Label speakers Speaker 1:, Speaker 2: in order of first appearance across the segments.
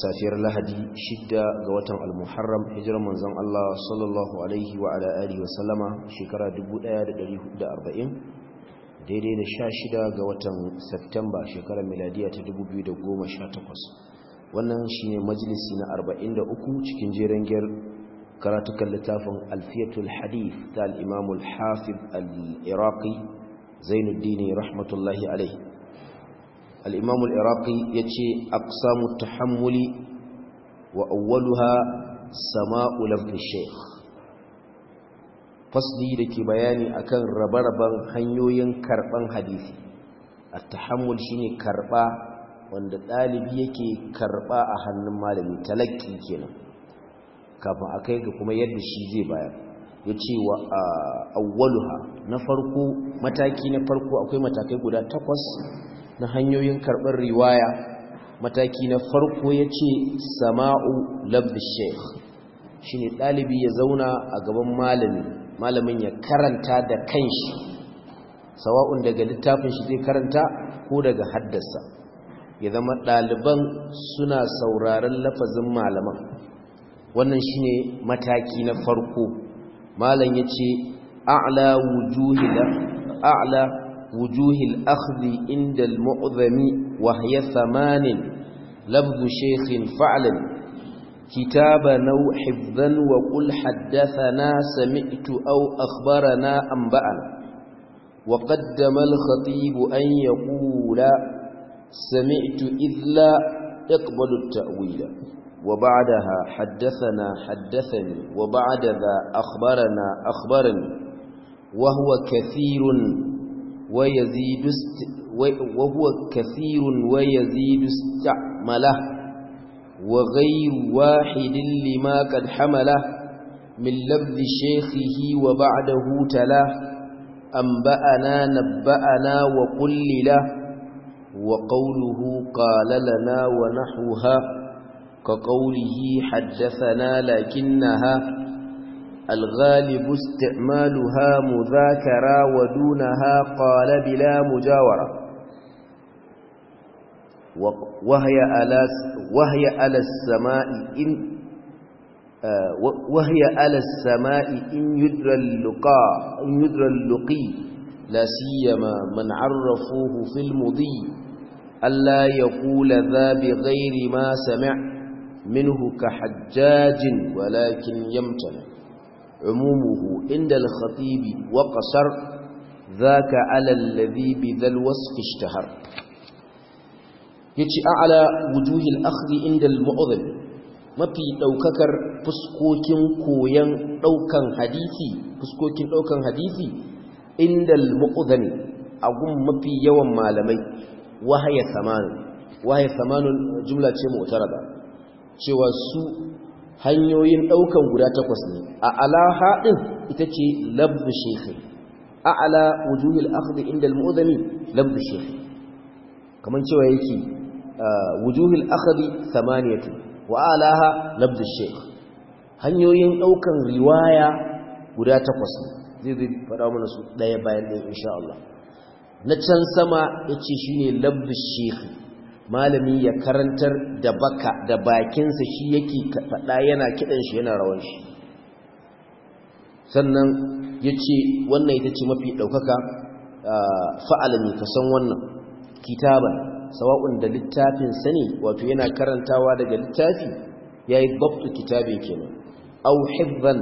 Speaker 1: safiyar lahadi shidda ga watan al-muharram hijirar manzon Allah sallallahu alaihi wa ala alihi wa sallama shekara 1440 daidai da 16 ga watan Septemba shekarar miladiya ta 2018 wannan shine majalisi na 43 cikin jeren giyar karatukan littafin alfiyatul hadith ta al-imam al-hafiz al-iraqi zainuddin rahmatullahi alaihi al-imam al-iraqi yace aqsamu tahammuli wa awwaluha sama'u lafzi shaykh da ke bayani akan rabaraban hanyoyin karban hadisi at-tahammul shine karɓa wanda dalibi yake karɓa a hannun malami talaki kenan kafin akai ga kuma yadda shi zai bayar ya ce wa awwaluha na farko mataki na farko akwai matakai guda takwas na hanyoyin karɓar riwaya mataki na farko ya ce sama'u labdi sheikh shi ne ɗalibi ya zauna a gaban malami malamin ya karanta da kanshi sawa'un daga littafin shi zai karanta ko daga haddasa ya zama ɗaliban suna sauraron lafazin malaman wannan shi ne mataki na farko malam ya ce a'la wujuhi a'la وجوه الأخذ عند المؤذم وهي ثمان لفظ شيخ فعل كتاب نو حفظا وقل حدثنا سمعت أو أخبرنا أنبأنا وقدم الخطيب أن يقول سمعت إذ لا اقبل التأويل وبعدها حدثنا حدثني وبعد ذا أخبرنا أخبرني وهو كثير wa yazidu wa huwa kathirun wa yazidu wa ghayru wahidin lima qad hamala min labdi shaykhihi wa ba'dahu tala anba'ana nabba'ana wa qullila wa qawluhu qala lana wa nahwaha ka qawlihi haddathana lakinnaha الغالب استعمالها مذاكرة ودونها قال بلا مجاورة وهي على وهي على السماء إن آه، وهي على السماء إن يدرى اللقاء إن يدرى اللقي لا سيما من عرفوه في المضي ألا يقول ذا بغير ما سمع منه كحجاج ولكن يمتنع عمومه عند الخطيب وقصر ذاك على الذي بذا الوصف اشتهر يتي أعلى وجوه الأخذ عند المؤذن mafi ɗaukakar fuskokin koyon ɗaukan hadisi fuskokin ɗaukan hadisi inda al-mu'udhani a gun mafi yawan malamai wahaya samanin wahaya samanin jumla ce mutarada su hanyoyin ɗaukan guda takwas ne a alaha ɗin ita ce labbu shekhi a ala wujuhil akhdi inda al-mu'adami labbu shekhi kamar cewa yake wujuhil akhdi samaniyatu wa alaha labbu shekhi hanyoyin ɗaukan riwaya guda takwas ne zai zai faɗa mana su ɗaya bayan ɗaya insha Allah na can sama ya ce shi ne labbu shekhi malami ya karantar da baka da bakinsa shi yake faɗa yana kiɗan shi yana rawan shi sannan ya ce wannan ita ce mafi ɗaukaka fa'alami ka san wannan kitaba sawa'un da littafin sani wato yana karantawa daga littafi ya yi babtu kitabe kenan au hibban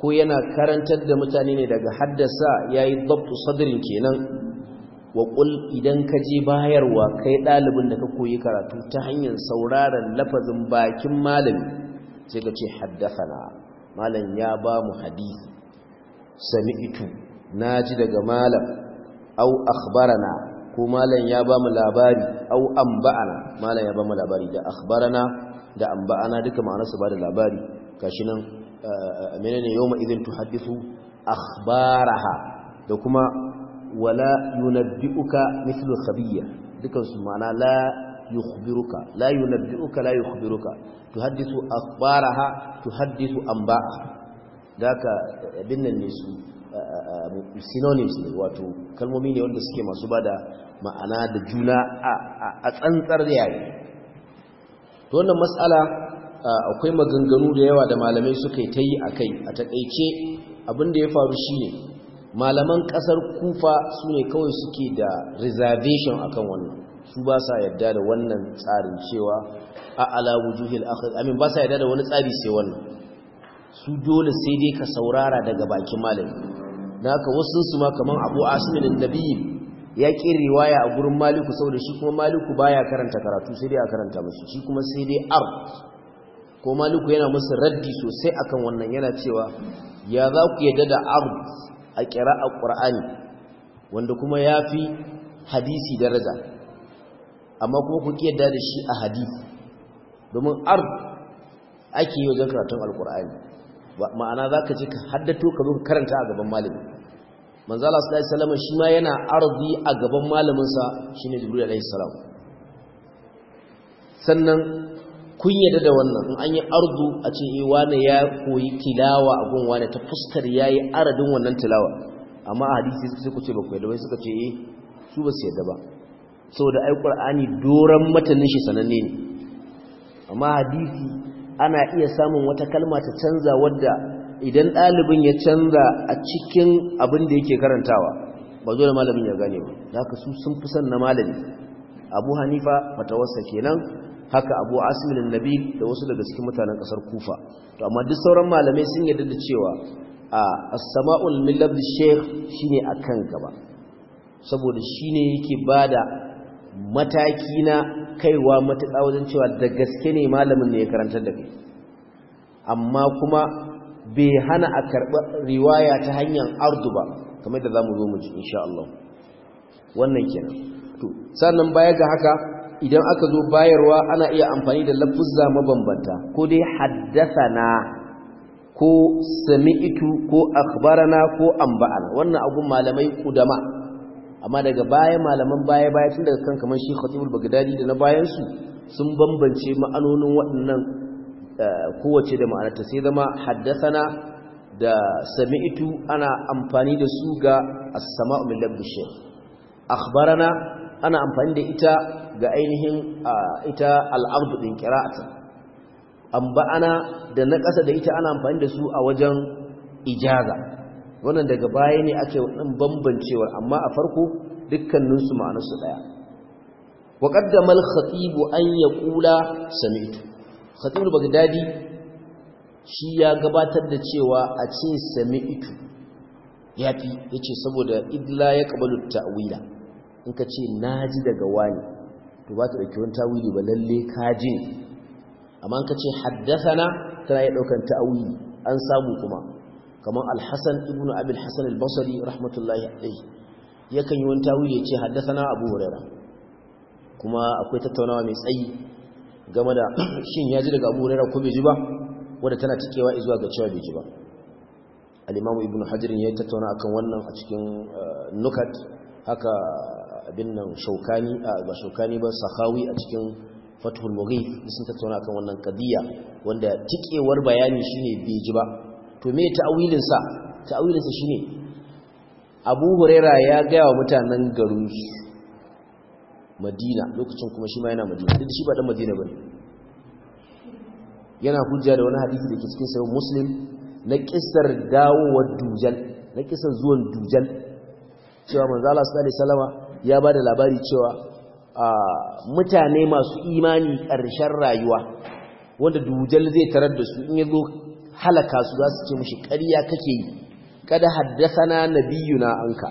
Speaker 1: ko yana karantar da mutane ne daga haddasa ya yi babtu sadirin kenan wa idan ka je bayarwa kai ɗalibin da ka koyi karatu ta hanyar sauraron lafazin bakin malami sai ka ce na malam ya ba mu hadisi itu na ji daga malam au akhbarana ko malam ya ba mu labari au amba'ana malam ya ba mu labari da akhbarana da amba'ana duka ma'anarsu ba da labari kashi nan eh, eh, menene yawma idin tuhaddisu akhbaraha da kuma wala yunabbi'uka mithlu khabiyya dukan su ma'ana la yukhbiruka la yunabbi'uka la yukhbiruka tuhaddisu akhbaraha tuhaddisu anba'aha daka abin nan ne su synonyms wato kalmomi ne wanda suke masu bada ma'ana da juna a tsantsar yayi to wannan mas'ala akwai maganganu da yawa da malamai suka yi ta yi akai a takeice abinda ya faru shine malaman kasar kufa su ne kawai suke da reservation akan wannan su ba sa yadda da wannan tsarin cewa a alawu juhil akhir amin ba sa yadda da wani tsari sai wannan su dole sai dai ka saurara daga bakin malami na haka wasu su ma kaman abu da annabi ya ki riwaya a gurin maliku saboda shi kuma maliku baya karanta karatu sai dai a karanta masu shi kuma sai dai ar ko maliku yana musu raddi sosai akan wannan yana cewa ya za ku yadda da ar a kira a ƙur'ani wanda kuma ya fi hadisi daraja amma kuma ku yadda da shi a hadisi domin ar ake yi wajen karatun alƙur'ani ma'ana za ka ce ka haddato ka zo ka karanta a gaban malami manzala su ɗaya salama shi ma yana arzi a gaban malaminsa shi ne jibril alaihi salam sannan kun yadda da wannan in an yi ardu a cin yi eh, wane ya koyi tilawa a gun wane ta fuskar ya yi aradin wannan tilawa amma a hadisi sai ku ce ba ku da wai suka ce yi eh, su ba su yadda ba Sau da aikwar ani doron matanin shi sananne ne amma hadisi ana iya samun wata kalma ta canza wadda idan ɗalibin ya canza a cikin abin da yake karantawa ba da malamin ya gane ba da ka su sun fi son na malami abu hanifa fatawarsa kenan haka abu asimin nabi da wasu daga cikin mutanen kasar kufa to amma duk sauran malamai sun yarda da cewa a as-sama'ul min labd shaykh shine akan gaba saboda shine yake bada mataki na kaiwa matuƙa wajen cewa da gaske ne malamin ne ya karantar da kai amma kuma bai hana a karɓi riwaya ta hanyar ardu ba kamar da za mu zo mu ji insha Allah wannan kenan to sannan baya ga haka idan aka zo bayarwa ana iya amfani da lafuzza mabambanta ko dai haddathana ko sami'tu ko akhbarana ko anba'ana wannan abu malamai kudama amma daga baya malaman baya baya tun daga kan kamar Sheikh khatibul bagdadi da na bayan su sun bambance ma'anonin waɗannan eh, kowace da ma'anarta sai zama haddathana da sami'tu ana amfani da su ga as-sama'u min labdi akhbarana ana amfani da ita ga ainihin ita al'ardu din an amma ana da na ƙasa da ita ana amfani da su a wajen ijaza wannan daga baya ne ake waɗin bambancewar amma a farko dukkanin su ɗaya. su ɗaya wa qaddama al-khatib an yaqula sami'tu khatibu al shi ya gabatar da cewa a ce sami'tu yafi ce saboda idla ya ƙabalu ta'awila in ka ce na ji daga wani to ba ta ɗauki wani tawili ba lalle ka ji amma in ka ce haddasana tana yi ɗaukan ta'awili an samu kuma kamar alhassan ibn abil hassan albasari rahmatullahi alaihi yakan yi wani tawili ya ce haddasana abu huraira kuma akwai tattaunawa mai tsayi game da shin ya ji daga abu huraira ko bai ji ba wadda tana cikewa izuwa ga cewa bai ji ba al'imamu ibn hajjirin ya yi tattauna akan wannan a cikin eh, nukat haka abin nan shaukani ba shaukani ba sahawi a cikin fathul mughith sun tattauna kan wannan qadiya wanda tikewar bayani shine bai ji ba to me ta'awilin sa ta'awilin sa shine Abu Huraira ya gaya wa mutanen garin Madina lokacin kuma shi ma yana Madina duk shi ba dan Madina bane yana hujja da wani hadisi da ke cikin sahih Muslim na kissar dawowar dujal na kissar zuwan dujal cewa manzo Allah sallallahu alaihi wasallam ya ba da labari cewa mutane masu imani ƙarshen rayuwa wanda dujal zai tarar da su in ya zo halaka su za su ce mushi ƙarya kake yi kada haddasana nabiyuna anka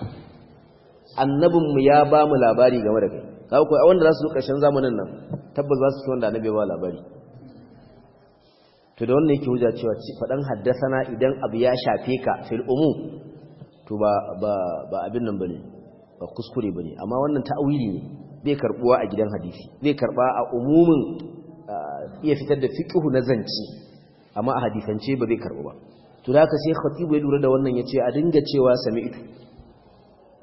Speaker 1: annabinmu ya ba mu labari game da kai za ku wanda za su zo ƙarshen zamanin nan tabbas za su ci wanda annabi ba labari to da wannan yake hujja cewa faɗan haddasana idan abu ya shafe ka fil umu to ba abin nan ba ne ba kuskure bane amma wannan ta'awili ne bai karbuwa a gidan hadisi bai karba a umumin ah, iya fitar da fiqhu na zanci amma a hadisance ba bai karbu ba to da haka sai khatib ya lura da wannan yace a dinga cewa sami'tu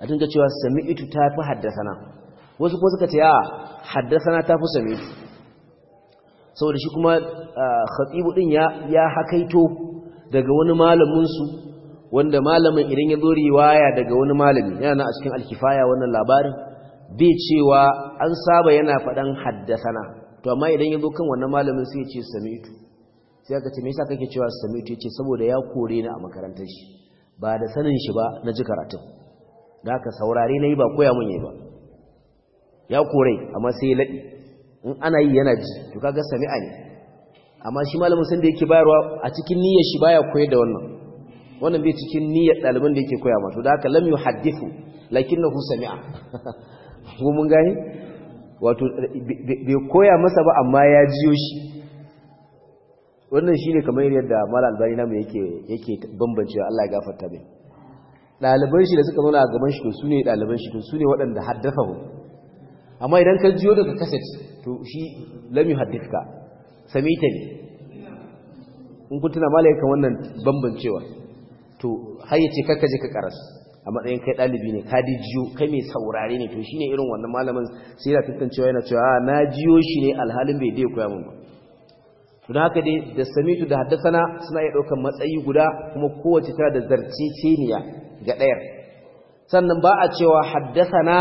Speaker 1: a dinga cewa sami'tu tafi haddathana wasu ko suka ce a haddathana fi sami'tu saboda shi kuma ah, khatib din ya ya hakaito daga wani malamin su wanda malamin idan ya zo riwaya daga wani malami yana a cikin alkifaya wannan labarin bi cewa an saba yana faɗan haddasana to amma idan ya zo kan wannan malamin sai ya ce samitu sai aka ce me yasa kake cewa samitu ya ce saboda ya kore ni a makarantar shi ba da sanin shi ba na ji karatun da aka saurare na yi ba koya mun yi ba ya kore amma sai ya laɗi in ana yi yana ji to kaga sami'a ne amma shi malamin sanda da yake bayarwa a cikin niyyar shi baya koyar da wannan wannan bai cikin niyyar ɗaliban da yake koya masu da haka lam na lakinnahu sami'a ko mun gani wato bai koya masa ba amma ya jiyo shi wannan shi ne kamar yadda malal albani namu yake bambance bambancewa Allah ya gafarta mai ɗaliban shi da suka zauna a gaban shi to su ne ɗaliban shi to su ne waɗanda haddafa hu amma idan ka jiyo daga kaset to shi lam sami ta ne in kun tuna malaikan wannan bambancewa to har ce kakka je ka karas a matsayin kai dalibi ne ka dijiyo kai mai saurare ne to shine irin wannan malamin sai yana tantancewa yana cewa a ah, na jiyo shi ne alhalin bai dai koya mun ba to haka dai da samitu da haddasana suna iya daukar matsayi guda kuma kowace tana da zarceceniya ga dayar sannan ba a cewa haddasana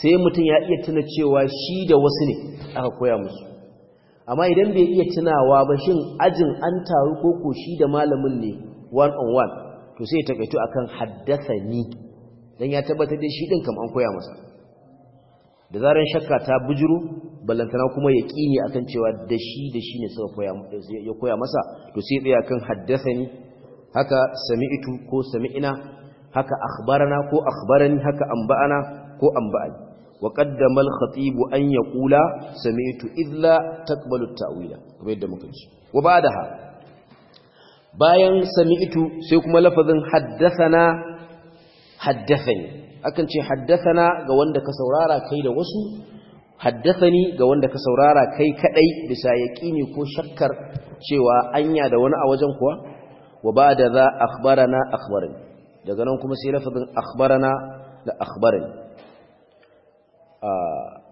Speaker 1: sai mutum ya iya tuna cewa shi da wasu ne aka koya musu amma idan bai iya tunawa ba shin ajin an taru ko shi da malamin ne one on one to sai ya takaitu akan haddathani dan ya tabbatar da shi din kam an koya masa da zaran shakka ta bujuru ballantana kuma yaqini akan cewa da shi da shi ne suka koya ya koya masa to sai tsaya kan haddathani haka sami'tu ko sami'na haka akhbarana ko akhbarani haka anba'ana ko anba'ani wa qaddama al-khatib an yaqula sami'tu idla taqbalu at-ta'wila kamar yadda muka ci wa ba'daha bayan sami'tu sai kuma lafazin haddathana haddathani akan ce haddathana ga wanda ka saurara kai da wasu haddathani ga wanda ka saurara kai kadai bisa yaqini ko shakkar cewa anya da wani a wajen kuwa wa ba'da za akhbarana akhbarani daga nan kuma sai lafazin akhbarana da akhbarani ah,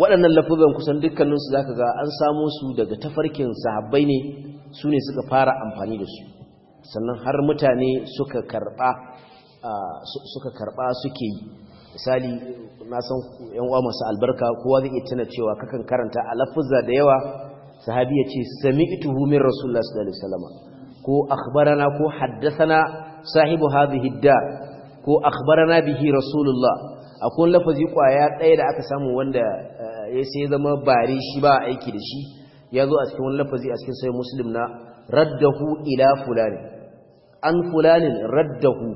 Speaker 1: waɗannan lafazan kusan dukkaninsu za ka ga an samo su daga tafarkin sahabbai ne su ne suka fara amfani da su sannan har mutane suka karɓa suke yi misali na san yan uwa masu albarka kowa zai iya tana cewa kakan karanta a lafuzza da yawa sahabi ya ce sami'tuhu min rasulullah sallallahu alaihi wasallam ko akhbarana ko haddathana sahibu hadhihi dar ko akhbarana bihi rasulullah akwai lafazi kwaya ɗaya da aka samu wanda eh, ya sai zama bari shi ba aiki da shi ya zo a cikin wani lafazi a cikin sai muslim na raddahu ila fulani an fulanin raddahu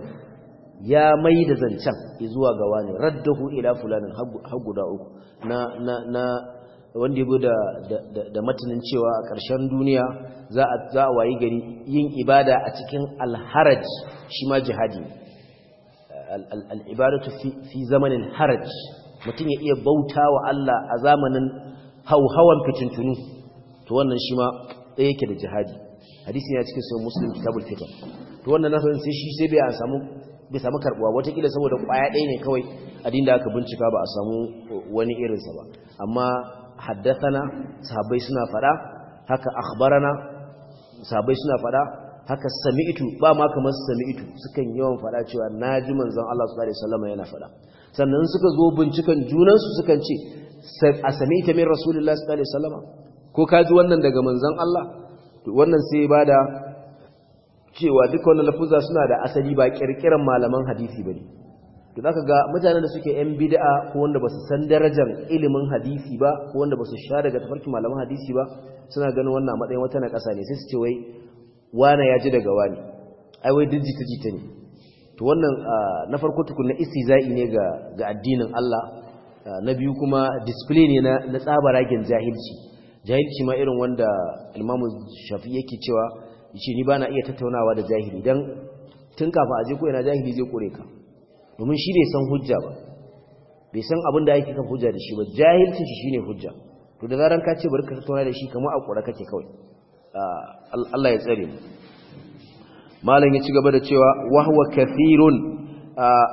Speaker 1: ya mai da zancen zuwa ga wani raddahu ila fulanin har guda uku na wanda ya da da matanin cewa a ƙarshen duniya za a wayi gari yin ibada a cikin alharaj shi ma jihadi al'ibadatu fi zamanin haraj mutum ya iya bauta wa Allah a zamanin hauhawan fitintunu to wannan shi ma ɗaya yake da jihadi hadisi ya cikin sai muslim kitabul fitar. to wannan na sai shi sai bai samu bai samu karbuwa watakila saboda kwaya ɗaya ne kawai adinda aka bincika ba a samu wani irinsa ba amma haddasana sahabbai suna fada haka akhbarana sahabbai suna fada haka sami'tu ba ma kamar sami'tu sukan yawan fada cewa naji manzon Allah sallallahu alaihi wasallam yana fada sannan suka zo bincikan junan su sukan ce a sami'ta min rasulullahi sallallahu alaihi wasallam ko kaji wannan daga manzon Allah to wannan sai bada cewa duk wannan lafuza suna da asali ba kirkiran malaman hadisi bane to zaka ga mutanen da suke yan bid'a ko wanda basu san darajar ilimin hadisi ba ko wanda basu sha daga tafarkin malaman hadisi ba suna ganin wannan matsayin wata na ƙasa ne sai su ce wai wane ya ji daga wani ai wai duk jita jita ne to wannan na farko tukun na za'i ne ga ga addinin Allah na biyu kuma display ne na na tsabaragen jahilci jahilci ma irin wanda Imam Shafi yake cewa yace ni bana iya tattaunawa da jahili dan tun kafa aje ko ina jahili zai kore ka domin shi bai san hujja ba bai san abin da yake kan hujja da shi ba jahilci shi shine hujja to da zaran ka ce bari ka tattauna da shi kamar a kura kake kawai Allah ya tsare mu malam ya ci gaba da cewa wahwa kathirun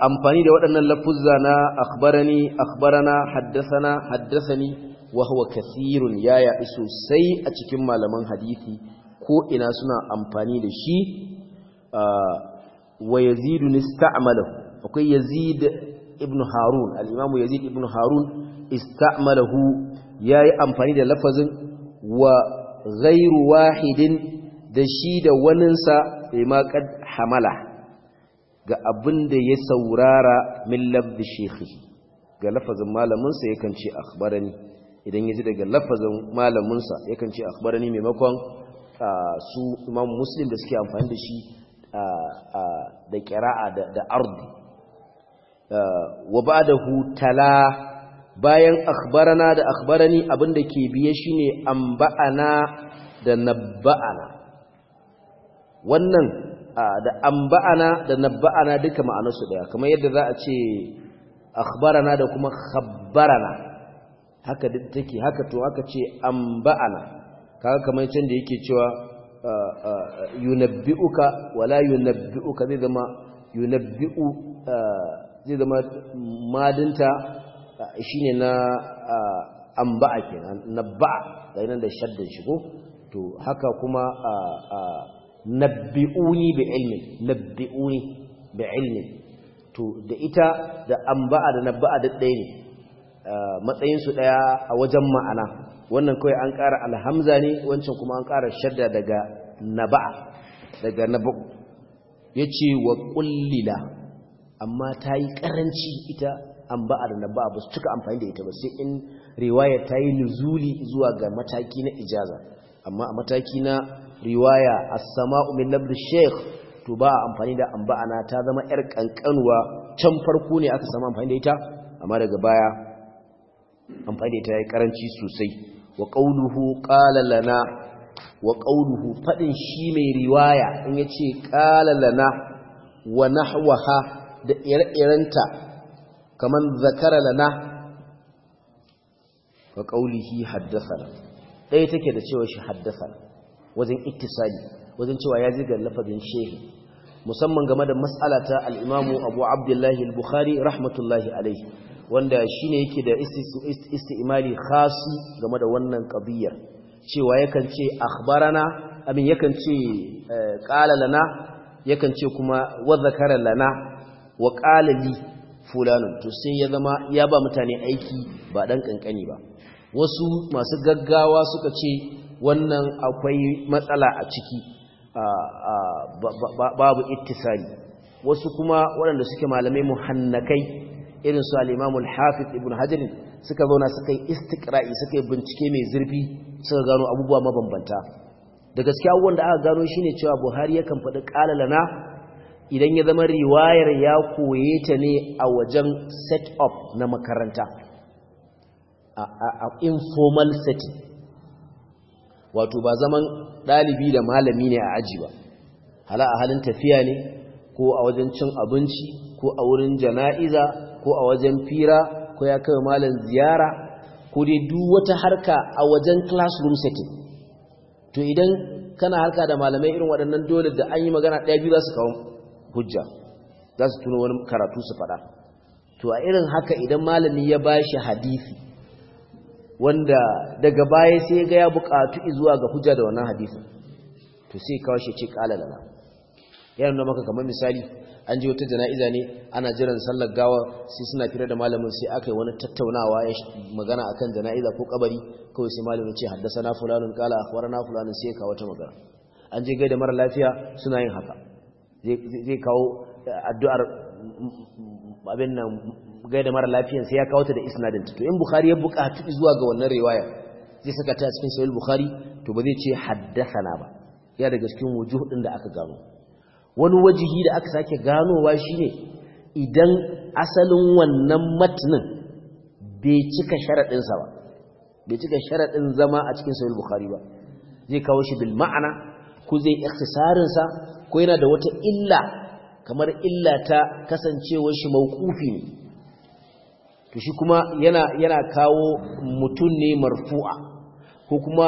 Speaker 1: amfani da waɗannan lafuzza na akhbarani akhbarana haddasana haddasani wahwa kathirun ya isu sosai a cikin malaman hadisi ko ina suna amfani da shi wa yazidu nista'malu akwai yazid ibn harun al-imamu yazid ibn harun ista'malahu yayi amfani da lafazin wa غير wahidin da shi da waninsa قد ma hamala ga abin da ya saurara min lafzi shekhi ga lafazin malaminsa yakan ce akhbarani idan ya ji daga lafazin malaminsa yakan ce akhbarani maimakon su imam muslim da suke amfani da shi da kira'a da ardi wa ba da hutala bayan akhbarana da akhbarani abinda ke biye shine amba'ana da nabba'ana wannan da amba'ana da nabba'ana duka ma'anarsu daya kamar yadda za a ce akhbarana da kuma khabbarana haka duk take haka to haka ce amba'ana kaga kamar can da yake cewa yunabbi'uka wala yunabbi'uka zai zama yunabbi'u zai zama madinta ne na ke kenan nabba'a ga yanar da shaddan shigo to haka kuma na bi'uni bi ilmi bi'uni bi ilmi to da ita da anba'a da na ba'a da ɗaya ne matsayin ɗaya a wajen ma'ana wannan kawai an ƙara alhamza ne wancan kuma an ƙara shadda daga na ba'a, daga na ya ce wa ƙullila amma ta yi ƙaranci ita an ba da ba ba su cika amfani da ita ba sai in riwaya ta yi nuzuli zuwa ga mataki na ijaza amma a mataki na riwaya a sama sheikh to ba a amfani da an ba'ana ta zama yar kankanuwa can farko ne aka sama amfani da ita amma daga baya amfani da ita ya karanci sosai wa faɗin wa fadin shi mai riwaya in yace qala na, wa nahwaha da ire-irenta kamar zakara lana fa ƙaulihi haddathana Ɗaya take da cewa shi haddathana wajen ittisali wajen cewa ya ji ga lafazin shehi musamman game da mas'alata ta al-imamu Abu Abdullahi al-Bukhari rahmatullahi alaihi. wanda shine yake da istimali khasi game da wannan ƙabiyar, cewa yakan ce akhbarana amin yakan ce eh, qala lana yakan ce kuma wa zakara lana wa qala fulanin to sai ya zama ya ba mutane aiki ba dan kankani ba wasu masu gaggawa suka ce wannan akwai matsala a ciki babu ittisali wasu kuma waɗanda suke malamai muhannakai irin su al-Imam al-Hafiz Ibn Hajar suka zauna suka yi istiqra'i suka yi bincike mai zurfi suka gano abubuwa mabambanta da gaskiya abubuwan da aka gano shine cewa Buhari yakan faɗi qala lana idan ya zama riwayar ya koye ta ne a wajen set-up na makaranta a informal setting wato ba zaman ɗalibi da malami ne a aji ba hala a halin tafiya ne ko a wajen cin abinci ko a wurin jana'iza ko a wajen fira ko ya kai malam ziyara ko dai duk wata harka a wajen classroom setting to idan kana harka da malamai irin waɗannan dole da an yi magana ɗaya biyu za su kawo hujja za su tuno wani karatu su faɗa to a irin haka idan malami ya ba shi hadisi wanda daga baya sai ga ya buƙatu zuwa ga hujja da wannan hadisi to sai kawo shi ce ƙala lana yana nuna maka kamar misali an ji wata jana'iza ne ana jiran sallar gawa sai suna fira da malamin sai aka yi wani tattaunawa ya magana akan jana'iza ko kabari kawai sai malamin ce haddasa na fulanin ƙala akhbarana fulanin sai ya kawo ta magana an je gaida mara lafiya suna yin haka zai kawo addu'ar abin nan gaida mara lafiyan sai ya kawo ta da isnadin to in bukhari ya bukatu zuwa ga wannan riwaya zai saka ta cikin sahih bukhari to ba zai ce na ba ya daga cikin wujuh hudun da aka gano wani wajihi da aka sake ganowa shine idan asalin wannan matnin bai cika sharaɗinsa ba bai cika sharaɗin zama a cikin sahih bukhari ba zai kawo shi bil ma'ana ko zai sa ko yana da wata illa kamar illa ta kasancewar shi mawqufi ne to shi kuma yana yana kawo mutun ne marfu'a ko kuma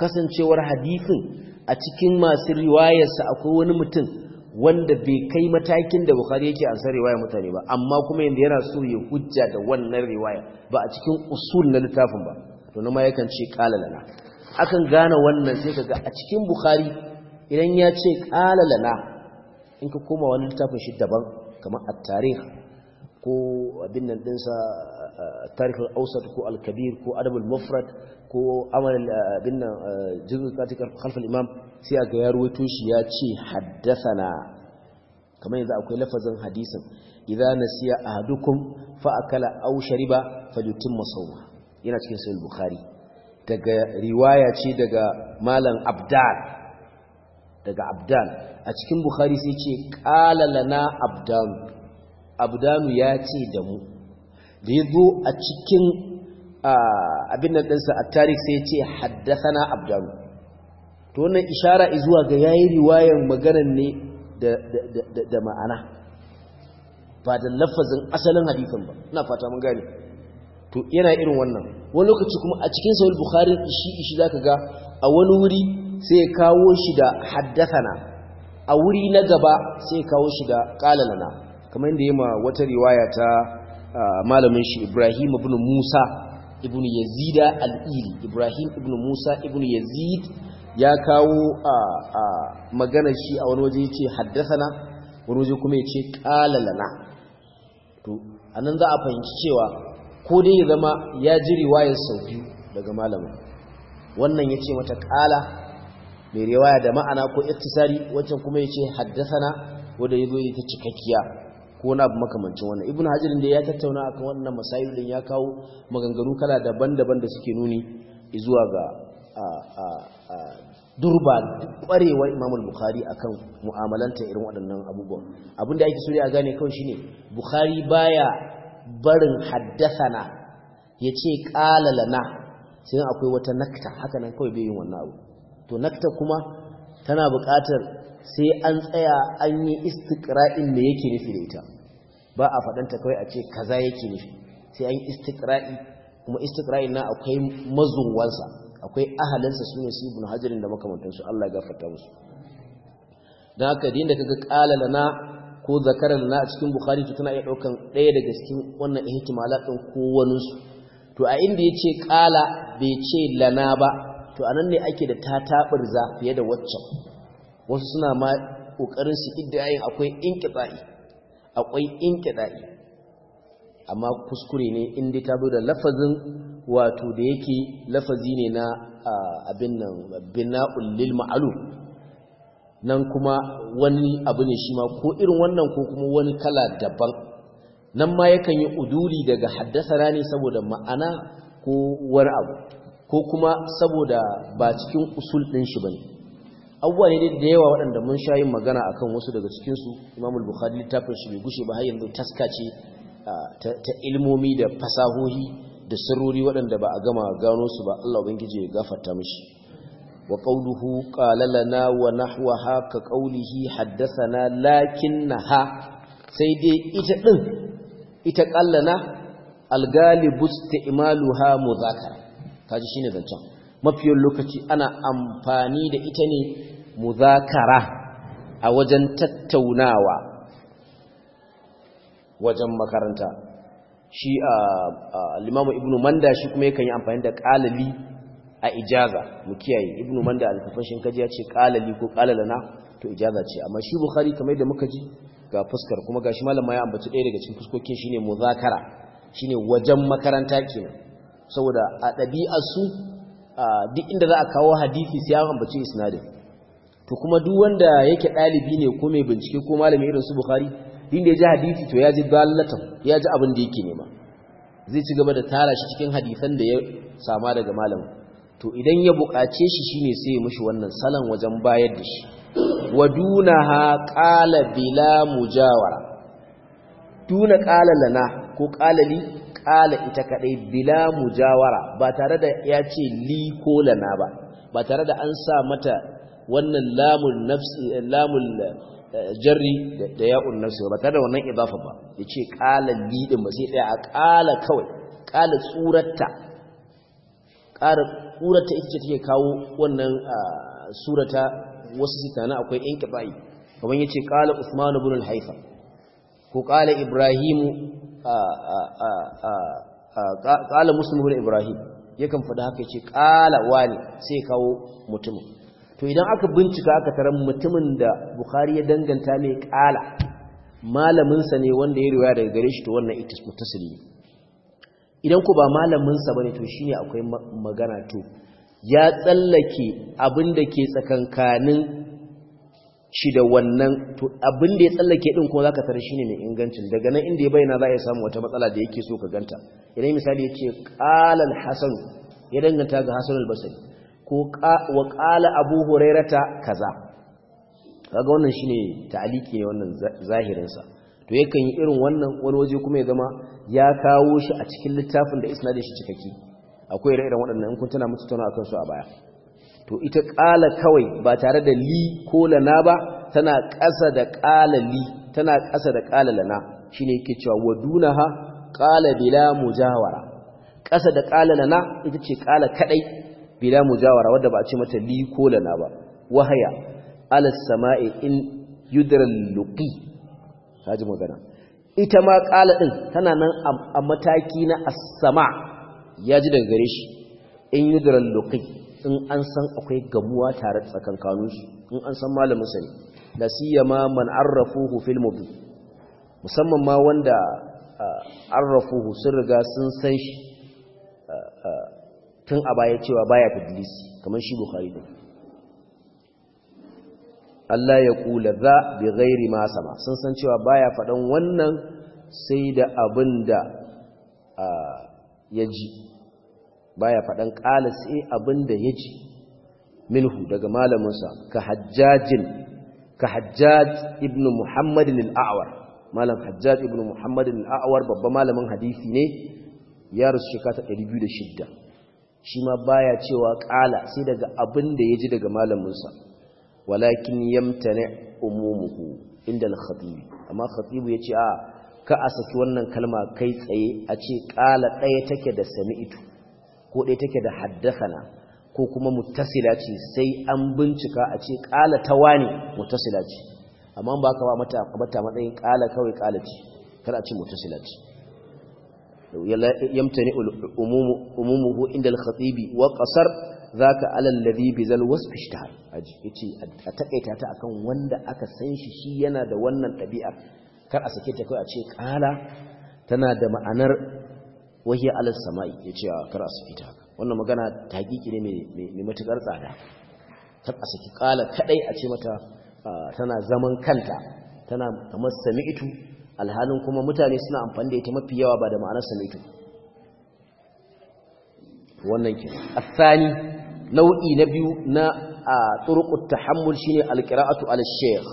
Speaker 1: kasancewar hadisin a cikin masu riwayarsa akwai wani mutum wanda bai kai matakin da Bukhari yake ansar riwaya mutane ba amma kuma yanda yana so ya hujja da wannan riwaya ba a cikin usul na littafin ba to nima yakan ce qala lana akan gane wannan sai ga a cikin Bukhari idan ya ce ƙala in ka koma wani littafin shi daban kamar a tarih ko abin nan ɗinsa eh, tarihul ausat ko alkabir ko adabul mufrad ko amal eh, abin nan eh, jirgin katikar halfal imam sai a ga ya shi ya ce haddasana kamar yanzu akwai lafazin hadisin idza nasiya ahadukum fa akala aw shariba falyutimma sawma yana cikin sahih bukhari daga riwaya ce daga malam abdal daga abdan a cikin bukhari sai ce kala lana abdan abdanu ya ce da mu da yazo a cikin abin nan a tarihi sai ce na abdan to wannan ishara zuwa ga yayi riwayan maganan ne da ma'ana ba da lafazin asalin hadisin ba ina fata mun gane to yana irin wannan wani lokaci kuma a cikin sahih bukhari shi shi zaka ga a wani wuri sai kawo shi da haddathana a wuri na gaba sai kawo shi da kalalana kamar yadda ma wata riwaya ta malamin shi Ibrahim ibn Musa ibn Yazid al-Ili Ibrahim ibn Musa ibn Yazid ya kawo a magana shi a wani waje yace haddathana wani waje kuma yace qalalana to anan za a fahimci cewa ko dai ya zama ya ji riwayar sau biyu daga malamin wannan yace mata kala mai riwaya da ma'ana ko iktisari wancan kuma ya yace haddathana wanda yazo yi ta cikakkiya ko na makamancin wannan ibn hajar da ya tattauna akan wannan masail din ya kawo maganganu kala daban-daban da suke nuni zuwa ga durba kwarewar imam bukhari akan mu'amalanta irin waɗannan abubuwan da da ake a gane kawai shine bukhari baya barin haddathana ce ƙalala na, sai akwai wata nakta hakanan nan kawai bai yin wannan abu to nakta kuma tana buƙatar sai an tsaya an yi istiqra'in me yake nufi da ita ba a faɗanta kawai a ce kaza yake nufi sai an yi istiqra'i kuma istiqra'in na akwai mazunwansa akwai ahalinsa suna su ibn hajarin da makamantansu Allah ya gafarta musu dan haka din da kaga kala lana ko zakara lana a cikin bukhari to tana iya ɗaukan ɗaya daga cikin wannan ihtimalat din ko wani to a inda yace kala bai ce lana ba to anan ne ake da za fiye da waccan wasu suna ma ƙoƙarin su iddayin akwai inkiɗa'i akwai inkiɗa'i amma kuskure ne in dai ta zo da lafazin wato da yake lafazi ne na abin nan bina'ul lil ma'lum nan kuma wani abu ne shi ma ko irin wannan ko kuma wani kala daban nan ma yakan yi uduri daga haddasa ne saboda ma'ana ko wani abu ko kuma saboda ba cikin usul ɗin shi ba ne abubuwa ne da yawa waɗanda mun sha yin magana a kan wasu daga cikinsu imamul bukhari littafin shi bai gushe ba har yanzu taska ce ta ilmomi da fasahohi da sirrori waɗanda ba a gama gano su ba allah ubangiji ya gafarta mishi wa qawluhu qala lana wa nahwaha ka qawlihi haddathana lakinnaha sai dai ita din ita qallana algalibu istimaluha mudhakara kaji shine zancen mafiyar lokaci ana amfani da ita ne muzakara a wajen tattaunawa wajen makaranta shi a limamu ibnu manda shi kuma yakan yi amfani da kalali a ijaza mu kiyaye ibnu manda alfafashin kaji ya ce kalali ko kalalana to ijaza ce amma shi bukhari kamar da muka ji ga fuskar kuma gashi malama ya ambaci ɗaya daga cikin fuskokin shine muzakara shine wajen makaranta kenan saboda a ɗabi'arsu duk inda za a kawo hadithi siya ya ambaci isnadin to kuma duk wanda yake ɗalibi ne ko mai bincike ko malami irin su bukhari din da ya ji hadithi to ya ji ballatan ya ji abin da yake nema zai ci gaba da tara shi cikin hadisan da ya sama daga malam. to idan ya buƙace shi shine sai ya mishi wannan salon wajen bayar da shi wa dunaha qala bila mujawara duna qala lana ko li ƙala ita kaɗai bila mujawara ba tare da ya ce li ko lana ba ba tare da an sa mata wannan lamun nafsi lamun eh, jarri da ya'un nafsi ba tare da wannan idafa ba ya ce ƙala li ɗin ba sai ɗaya a ƙala kawai ƙala tsuratta ƙara tsuratta ita ce take kawo wannan surata wasu sitana akwai ƴan kibai kamar yace ƙala usman ibn al-haifa ko ƙala ibrahimu ƙala musulmi ibrahim yakan faɗi haka ce ƙala ne sai kawo mutumin to idan aka bincika aka tarar mutumin da bukhari ya danganta mai ƙala malaminsa ne wanda ya riwaya daga gare shi to wannan su tasiri. idan ku ba malaminsa ba ne to shi ne akwai magana to ya tsallake abin da ke tsakankanin shi da wannan abin da ya tsallake din kuma zaka tare ne mai ingancin daga nan inda ya bayyana za a samu wata matsala da yake so ka ganta idan misali ya ce, ƙalal hasan ya danganta ga hasan al ko wa qala abu hurairata kaza kaga wannan shi ne ta'aliki ne wannan zahirinsa, to to yakan yi irin wannan wani waje kuma ya zama ya kawo shi a cikin littafin da isnadin shi cikakke akwai ire-iren waɗannan in kun tana mutu tana akan su a baya to ita ƙala kawai ba tare da li ko lana ba tana ƙasa da ƙala li tana ƙasa da ƙala lana shine yake cewa ha ƙala bila mujawara ƙasa da ƙala lana ita ce ƙala kaɗai bila mujawara wadda ba a ce mata li ko lana ba wahaya alas sama'i in yudran luqi haji magana ita ma ƙala din tana nan a mataki na as-sama' ya ji daga gare shi in yudran luqi in an san akwai gabuwa tare tsakankaninsu in an san malamin sa ne la siyama man arrafuhu fil mubi musamman ma wanda arrafuhu sun riga sun san shi tun a baya cewa baya tadlisi kamar shi bukhari din Allah ya kula za bi ghairi ma sama sun san cewa baya faɗan wannan sai da abin da ya ji baya faɗan ƙala sai abin da ya ji minhu daga malaminsa ka hajjajin ka hajjaj ibn muhammadin al'awar malam hajjaj ibn muhammadin al'awar babba malamin hadisi ne ya rasu shekata 206 shi ma baya cewa ƙala sai daga abin da ya ji daga malaminsa walakin yamtane umumuhu inda al-khatibi amma khatibu ya ce a ka a saki wannan kalma kai tsaye a ce ƙala ɗaya take da sami'itu ko ɗaya take da haddasana ko kuma mutasila ce sai an bincika a ce ƙala ta wani mutasila ce amma ba ka ba mata matsayin ƙala kawai ƙala ce kar a ce mutasila ce umumu umumuhu inda alkhatsibi wa ƙasar? zaka ka alladhi bi zal wasf a jiki a takaita ta akan wanda aka san shi shi yana da wannan ɗabi'ar kar a sake ta kawai a ce ƙala tana da ma'anar wahiya alal sama'i ya ce a kar a saki ta wannan magana ta hakiki ne mai matukar tsada ta a saki kala kadai a ce mata tana zaman kanta tana kamar sami'itu alhalin kuma mutane suna amfani da ita mafi yawa ba da ma'anar sami'itu wannan ke asani nau'i na biyu na turuqut tahammul shine alqira'atu ala shaykh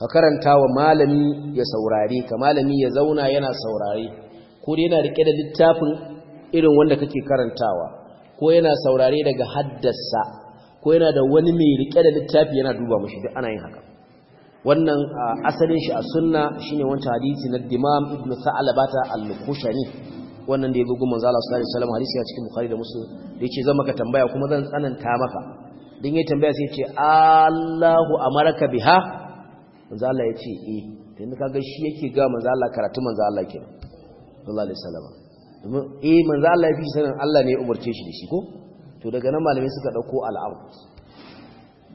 Speaker 1: ka karanta wa malami ya saurare ka malami ya zauna yana saurare ko dai yana rike da littafin irin wanda kake karantawa ko yana saurare daga haddasa ko yana da wani mai rike da littafi yana duba mushi duk ana yin haka wannan asalin shi a sunna shine wani hadisi na Imam Ibn Sa'laba ta al-Kushani wannan da ya bugu manzo Allah sallallahu alaihi wasallam hadisi a cikin Bukhari da Muslim da yake zan maka tambaya kuma zan tsananta maka din yayin tambaya sai yace Allahu amaraka biha manzo Allah yace eh to ka kaga shi yake ga manzo Allah karatu manzo Allah kenan sallallahu alaihi wasallam domin eh manzo Allah ya fi sanin Allah ne ya umarce shi da shi ko to daga nan malamai suka dauko al'am?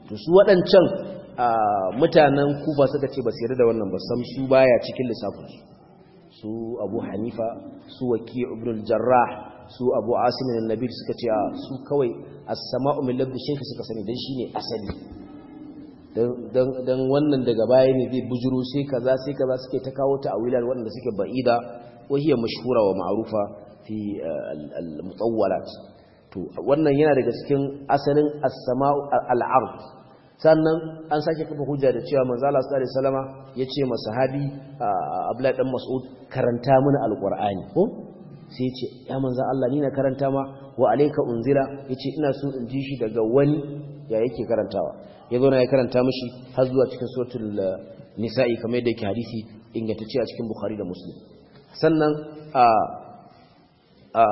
Speaker 1: to su wadancan mutanen kufa suka ce ba da wannan ba sam su baya cikin lissafin su Abu Hanifa su Waki ibn al-Jarrah su Abu Asim an-Nabi suka ce su kawai as-sama'u min labbi suka sani dan shine asali dan wannan daga baya ne zai bujuro sai kaza sai kaza suke ta kawo ta awilan waɗanda suke ba'ida وهي مشهورة ومعروفة في المطولات wannan yana daga cikin asalin as-sama'u al-ard sannan an sake kafa hujja da cewa manzo Allah sallallahu alaihi wasallama yace ma sahabi Abdullah dan Mas'ud karanta mana al-Qur'ani ko sai yace ya manzo Allah ni na karanta ma wa alayka Ya yace ina so in ji shi daga wani ya yake karantawa yazo na ya karanta mishi har zuwa cikin suratul eh, nisa'i kamar yadda yake hadisi ingantacce a cikin Bukhari da Muslim sannan a a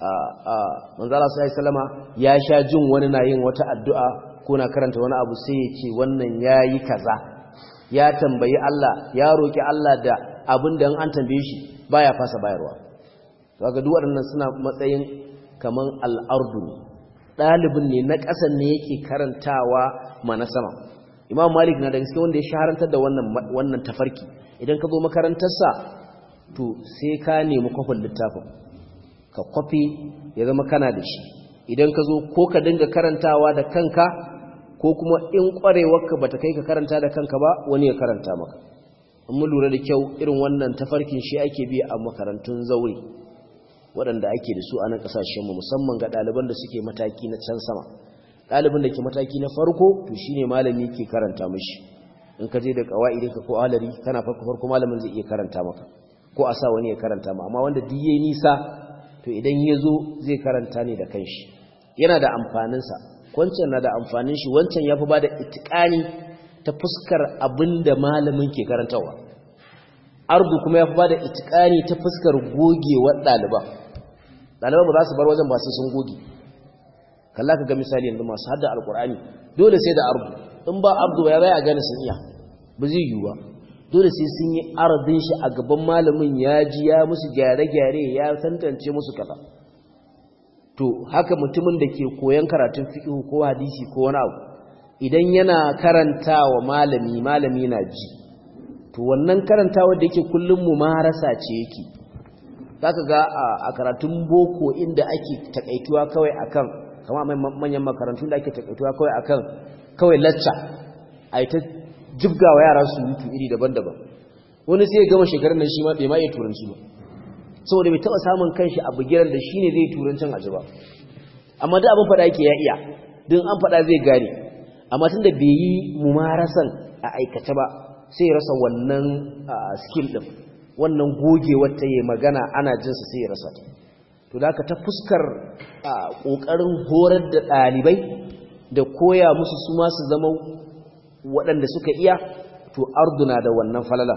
Speaker 1: a a manzala sallama ya sha jin wani na yin wata addu'a ko na karanta wani abu sai ya ce wannan yayi kaza ya tambayi Allah ya roki Allah da abin da an tambaye shi baya fasa bayarwa ga duk waɗannan suna matsayin kaman al'ardu ɗalibin ne na ƙasan ne yake karantawa ma na sama imam malik na da gaske wanda ya shaharantar da wannan wannan tafarki idan ka zo makarantarsa to sai ka nemi kwafin littafin ka kwafi ya zama kana da shi idan ka zo ko ka dinga karantawa da kanka ko kuma in kwarewarka bata kai ka karanta da kanka ba wani ya karanta maka in mu lura da kyau irin wannan tafarkin shi ake biya a makarantun zaure waɗanda ake da su a nan mu, musamman ga ɗaliban da suke mataki na can sama ɗalibin da ke mataki na farko to shine malami ke karanta mashi in ka je da ka ko alari kana farko farko malamin zai iya karanta maka ko a sa wani ya karanta ma amma wanda duk yayi nisa to idan ya zo zai karanta ne da kanshi yana da amfaninsa Kwancin na da amfanin shi wancan ya fi ba da itikani ta fuskar abin malamin ke karantawa. Argu kuma ya fi itikani ta fuskar gogewar ɗaliban ɗaliban ba za su bar wajen ba sun goge kalla ka ga misali yanzu masu hadda alkur'ani dole sai da argu. in ba ardu ba ya bai a gane sun iya ba zai yiwu ba dole sai sun yi arzin shi a gaban malamin ya ji ya musu gyare-gyare ya tantance musu kaza to haka mutumin da ke koyan karatun fiqh ko hadisi ko wani abu idan yana karantawa malami malami na ji to wannan karantawa da yake kullum mu marasa ce yake zaka ga a karatun boko inda ake takaituwa kawai akan kama manyan makarantu da ake takaituwa kawai akan kawai lacca a jibgawa yara su yi iri daban-daban wani sai ya gama shekarun nan shi ma bai ma iya turanci ba saboda bai taɓa samun kanshi a bugiran da shi ne zai turancin aji ba amma da abin faɗa yake ya iya don an faɗa zai gane amma tun da bai yi mumarasan a aikace ba sai ya rasa wannan skill ɗin wannan gogewar ta yi magana ana jinsa sai ya rasa ta to da ka ta fuskar a ƙoƙarin horar da ɗalibai da koya musu su ma su zama waɗanda suka iya to arduna da wannan falala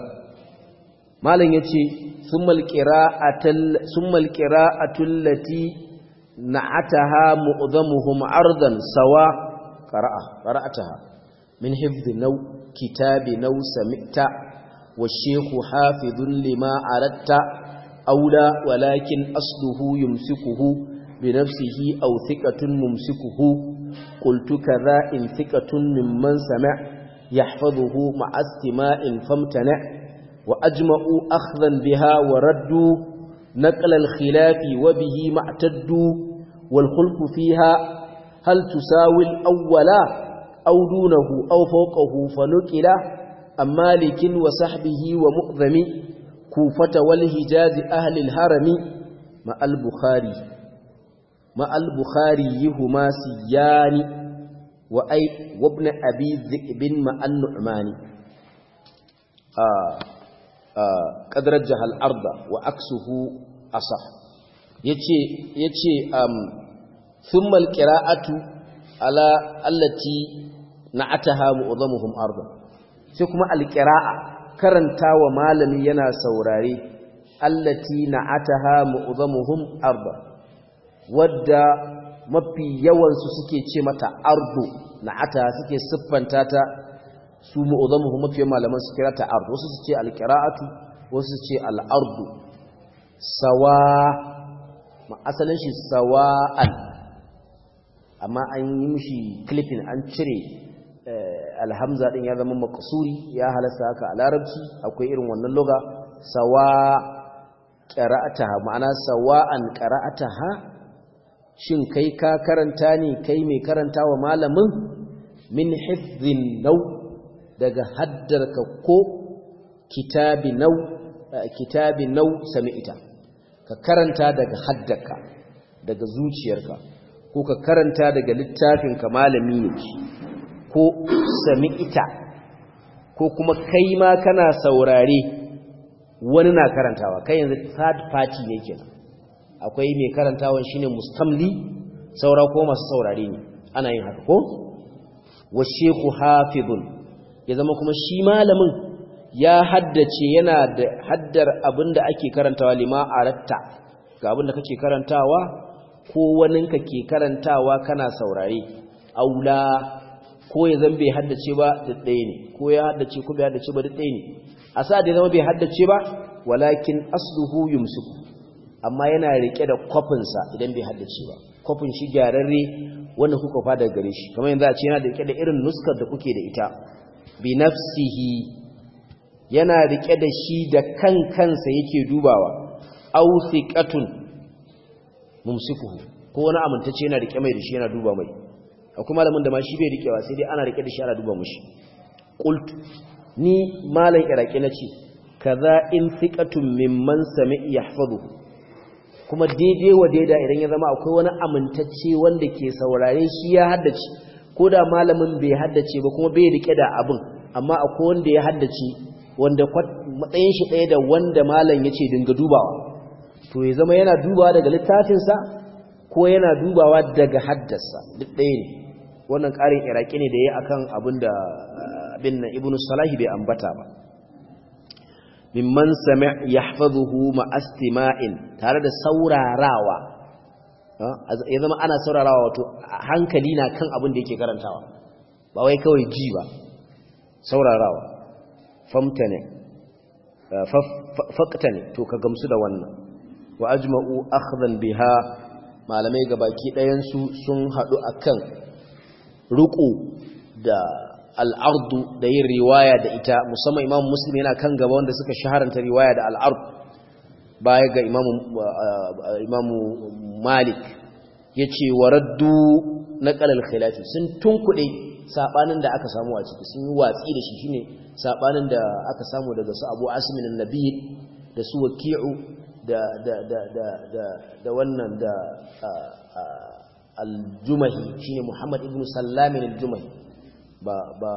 Speaker 1: malam yace summal qira'atul summal qira'atul lati na'ataha mu'zamuhum ardan sawa qara'a qara'ataha min hifdh naw kitabi naw sami'ta wa shaykhu hafidhun lima aratta awla walakin asluhu yumsikuhu bi nafsihi aw thiqatun mumsikuhu qultu kadha in thiqatun mimman sami'a يحفظه مع السماء فامتنع وأجمعوا أخذا بها وردوا نقل الخلاف وبه ما اعتدوا والخلق فيها هل تساوي الأول أو دونه أو فوقه فنقل أم مالك وصحبه ومؤذم كوفة والهجاز أهل الهرم مع البخاري مع البخاري هما سيان wa ai wabna abi zikbin ma'an nu'mani ƙadarar ah, ah, jihar arda wa aksuhu asa yace ce sun malƙira'atu ala allati na ataha mu'azamuhum arda sai kuma alƙira'a karanta wa malami yana saurari allati na ataha arda wadda mafi yawansu suke ce mata na na'ata suke siffanta ta su mu'azzamuhu mafi malaman su kira ta ardo wasu su ce alqira'atu wasu su ce al'ardu sawa ma asalin shi sawa'an amma an yi mishi clipping an cire eh, alhamza din ya zama makasuri ya halasta haka a larabci akwai irin wannan loga sawa ha ma'ana sawa'an ƙara'ata ha. shin kai ka karanta ne kai mai karanta wa malamin min hifzin nau daga haddarka ko kitabi nau eh, kitabi nau ka karanta daga haddarka daga zuciyarka ko ka karanta daga littafinka malami ne ko sami'ita ko kuma kai ma kana saurare wani na karantawa kai yanzu third party ne kenan akwai mai karantawan shine mustamli saura ko masu saurare ne ana yin haka ko wa shehu hafizun ya zama kuma shi malamin ya haddace yana da haddar abinda ake karantawa lima aratta ga abinda kake karantawa ko waninka ke karantawa kana saurare aula ko ya zama bai haddace ba da ɗaya ne ko ya haddace ko bai haddace ba da ɗaya ne a sa da ya zama bai haddace ba walakin asluhu yumsiku amma yana rike da kwafinsa idan bai haddace ba kwafin shi gyararre wanda kuka fada gare shi kamar yanzu a ce yana rike da irin nuskar da kuke da ita bi nafsihi yana rike da shi da kan kansa yake dubawa aw thiqatun mumsikuhu ko wani amintacce yana rike mai da shi yana duba mai akwai malamin da ma shi bai rikewa sai dai ana rike da shi ana duba mushi qultu ni malam iraki nace kaza in thiqatun mimman sami yahfazuhu kuma daidai wa daida idan ya zama akwai wani amintacce wanda ke saurare shi ya haddace ko da malamin bai haddace ba kuma bai rike da abin amma akwai wanda ya haddace wanda matsayin shi ɗaya da wanda malam ya ce dinga dubawa to ya zama yana dubawa daga littafinsa ko yana dubawa daga haddasa duk ɗaya ne wannan ƙarin iraki ne da ya akan abin da abin nan ibnu salahi bai ambata ba mimman sami yahfazuhu ma'astima'in tare da saurarawa ya zama ana saurarawa wato hankali na kan abin da yake karantawa ba wai kawai ji ba saurarawa famtane faktane to ka gamsu da wannan wa ajma'u akhdhan biha malamai gabaki su sun hadu akan ruku da al'ardu da yin riwaya da ita musamman imam muslim yana kan gaba wanda suka shaharanta riwaya da al'ard baya ga imamu uh, malik ya ce waraddu na ƙalar khilafi sun tunkuɗe saɓanin da aka samu a ciki sun yi watsi da shi shine saɓanin da aka samu daga su abu asimin nabi da su waki'u da wannan da uh, uh, aljumahi shine muhammad ibn sallamin aljumahi ba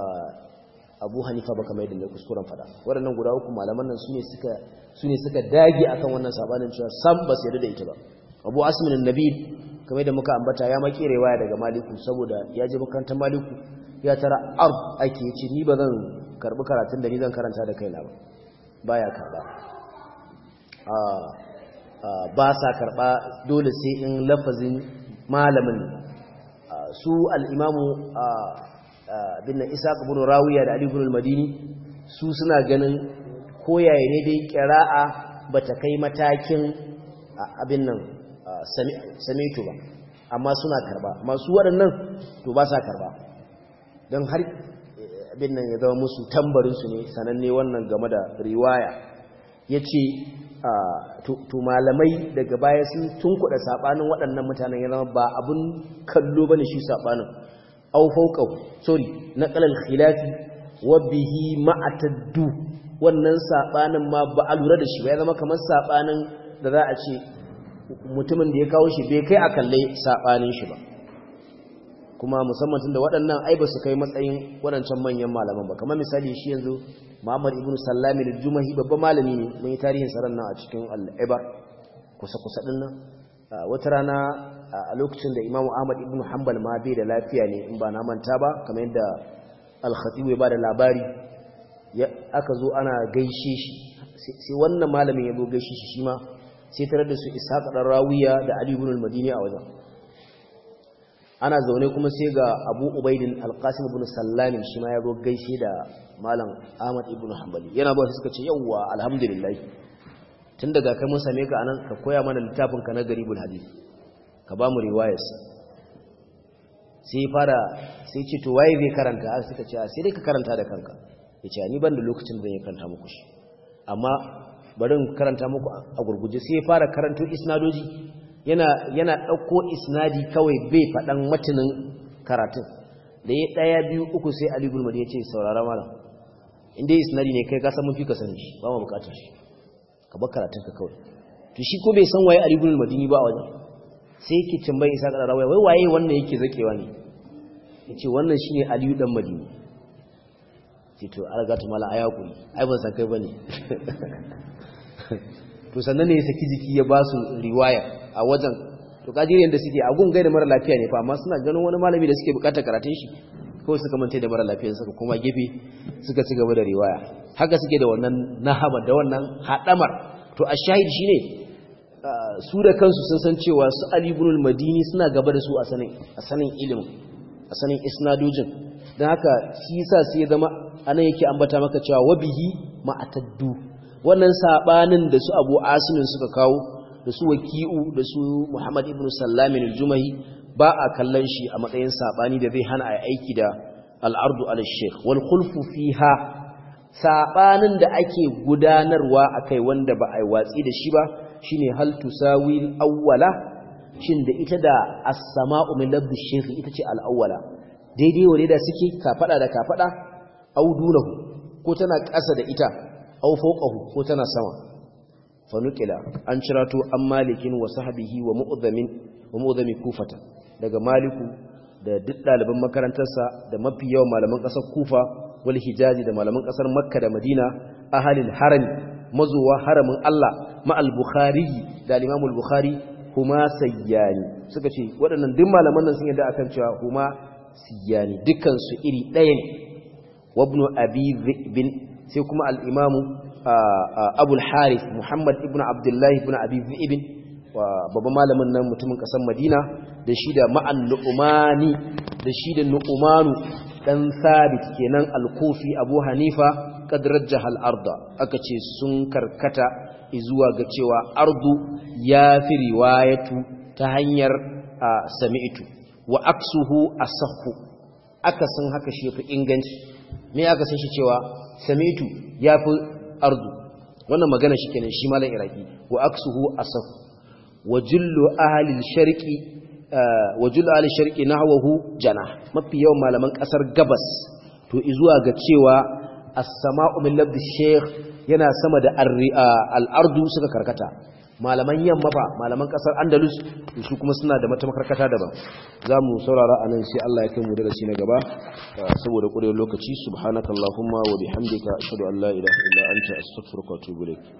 Speaker 1: Abu Hanifa ba kamar yadda na kuskuren fada waɗannan guda uku malaman nan sune suka suka dage akan wannan sabanin cewa sam ba su yarda da ita ba Abu Asmin an kamar yadda muka ambata ya maki waya daga Maliku saboda ya je makarantar Maliku ya tara ard ake yace ni ba zan karbi karatun da ni zan karanta da kai na ba baya karba a ba sa karba dole sai in lafazin malamin su alimamu bin nan isa ibn rawiya da ali ibn madini su suna ganin koyaye ne dai ba ta kai matakin abin nan to ba amma suna karba masu waɗannan to ba sa karba don har abin nan ya zama musu tambarin su ne sananne wannan game da riwaya ya ce to malamai daga baya sun tunkuɗa saɓanin waɗannan mutanen ya zama ba abin kallo ba ne shi saɓanin au fawqahu sorry na al-khilafi wa bihi ma'ataddu wannan saɓanin ma ba a lura da shi ba ya zama kamar saɓanin da za a ce mutumin da ya kawo shi bai kai a kalle saɓanin shi ba kuma musamman da waɗannan ai ba su kai matsayin waɗancan manyan malaman ba kamar misali shi yanzu Muhammad ibn Sallami da jumahi babban malami ne mun yi tarihin sarar nan a cikin al kusa kusa din nan ah, wata rana a lokacin da imamu ahmad ibn hanbal ma bai da lafiya ne in ba na manta ba kamar yadda al ya ba da labari aka zo ana gaishe shi sai wannan malamin ya zo gaishe shi shi ma sai tare da su isa ɗan rawiya da ali ibn al-madini a wajen ana zaune kuma sai ga abu ubaidin al ibn sallamin shi ma ya zo gaishe da malam ahmad ibn hanbal yana ba suka ce yawwa alhamdulillah tun daga kai mun same ka anan ka koya mana littafin ka na garibul hadith ka ba mu riwayas sai fara sai ce to waye zai karanta a suka ce sai dai ka karanta da kanka ya ce ni ban da lokacin zan yi karanta muku shi amma bari in karanta muku a gurguje sai fara karanto isnadoji yana yana dauko isnadi kawai bai fadan matanin karatun da ya daya biyu uku sai Ali Gulmad ya ce saurara malam inda isnadi ne kai ka san mun fi ka sani shi ba mu bukatar shi ka bar karatun ka kawai to shi ko bai san waye Ali Gulmad madini ba wajen sai yake tambayi isa ka rawaya wai waye wannan yake zakewa ne yace wannan shine aliyu dan madini ce to alga ta mala aya kuri ai ban san kai bane to sannan ne ya saki jiki ya ba su riwaya a wajen to kaji yanda suke a gun gaida mara lafiya ne fa amma suna ganin wani malami da suke bukatar karatun shi kawai suka manta da mara lafiya suka kuma gefe suka ci gaba da riwaya haka suke da wannan nahaba da wannan hadamar to a shahid shine Ah, su da kansu sun san cewa su Ali ibn madini suna gaba da su a sanin a ilimin a sanin isnadojin dan haka shi yasa sai ya zama anan yake ambata maka cewa wabihi ma'ataddu wannan sabanin da su Abu Asmin suka kawo da su Waki'u da su Muhammad ibn Sallam al-Jumahi ba a kallon shi a matsayin sabani da zai hana a aiki da al-ardu ala shaykh wal khulfu fiha sabanin da ake gudanarwa akai wanda ba a yi watsi da shi ba shine hal tusawi al-awwala shin da ita da as-sama'u min labd ita ce al-awwala daidai wa da suke kafada da kafada au dunahu ko tana ƙasa da ita au fawqahu ko tana sama fa nuqila an cirato an malikin wa sahbihi wa mu'dhamin kufata daga maliku da duk ɗaliban makarantarsa da mafi yawan malaman ƙasar kufa wal hijazi da malaman ƙasar makka da madina halin harami mazuwa haramin Allah ma'al bukhari da limamul bukhari kuma sayyani suka ce waɗannan duk malaman nan sun yadda akan cewa kuma sayyani dukansu iri ɗaya ne wabnu abi bin sai kuma al'imamu abul harith muhammad ibn abdullahi ibn abi bin babban malamin nan mutumin ƙasar madina da shi da ma'an nu'umani da shi da nu'umanu ɗan sabit kenan alkofi abu hanifa kadrajja rajjaha arda aka ce sun karkata zuwa ga cewa ardu ya fi riwayatu ta hanyar sami'itu wa aksuhu asahhu aka san haka shi fi inganci me aka san shi cewa sami'itu ya fi ardu wannan magana shi kenan shi malam iraki wa aksuhu asahhu wa jullu ahli al na wa jullu ahli al nahwahu mafi yawan malaman kasar gabas to izuwa ga cewa asama samau labdi sheikh yana sama da al'ardu suka karkata malaman yamma ba malaman kasar andalus su kuma suna da mata makarkata daban za mu saurara a nan sai allah ya kai mu shi na gaba saboda ƙurewar lokaci subhanakallahumma wa bihamdika ashhadu an la ilaha illa anta astaghfiruka wa atubu ilayk